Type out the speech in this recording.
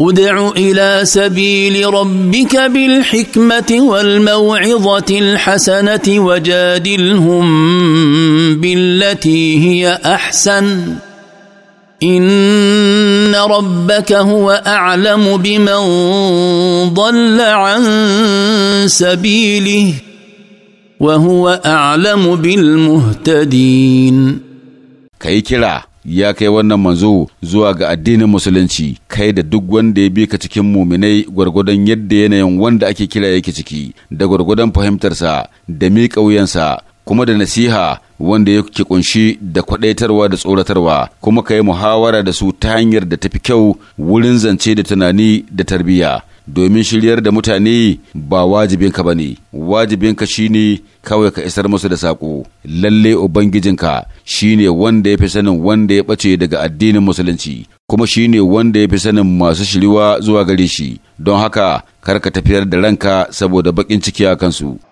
ادع الى سبيل ربك بالحكمه والموعظه الحسنه وجادلهم بالتي هي احسن ان ربك هو اعلم بمن ضل عن سبيله وهو اعلم بالمهتدين كي ya kai wannan manzo zuwa ga addinin musulunci kai da duk wanda ya bi ka cikin muminai gwargwadon yadda yanayin wanda ake kira yake ciki da gwargwadon fahimtarsa da miƙa wuyansa kuma da nasiha wanda ya ke kunshi da kwadaitarwa da tsoratarwa kuma ka yi muhawara da su ta hanyar da tafi kyau wurin zance da tunani da tarbiyya domin shiryar da mutane ba wajibinka ba ne, wajibinka shi ne kawai ka isar musu da saƙo, lalle Ubangijinka Shi ne wanda ya fi sanin wanda ya ɓace daga addinin musulunci kuma shine wanda ya fi sanin masu shiriwa zuwa gare shi don haka kar ka tafiyar da ranka saboda baƙin ciki a kansu